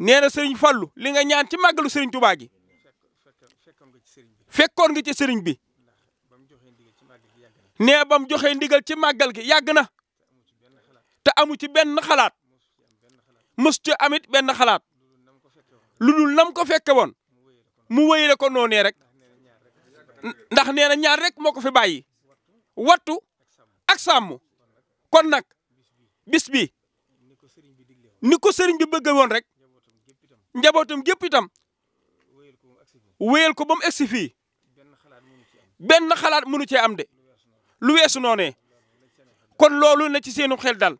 nee na sëriñ Fallu li nga ñaan ci màggalu sëriñ Tuubaa gi fekkoon nga ci sëriñ bi nee ba mu joxee ndigal ci màggal gi yàgg na te amu ci benn xalaat mës ci amit benn xalaat lu dul nam ko fekke woon mu wéyale ko noonee rek ndax nee na ñaar rek moo ko fi bàyyi wattu ak sàmm kon nag bis bi ni ko sëriñ bi bëgg woon rek njabotum gep itam wéyal ko ba mu egsi fii benn xalaat mënu cee am de lu wessu noné kon loolu na ci seenu xel dal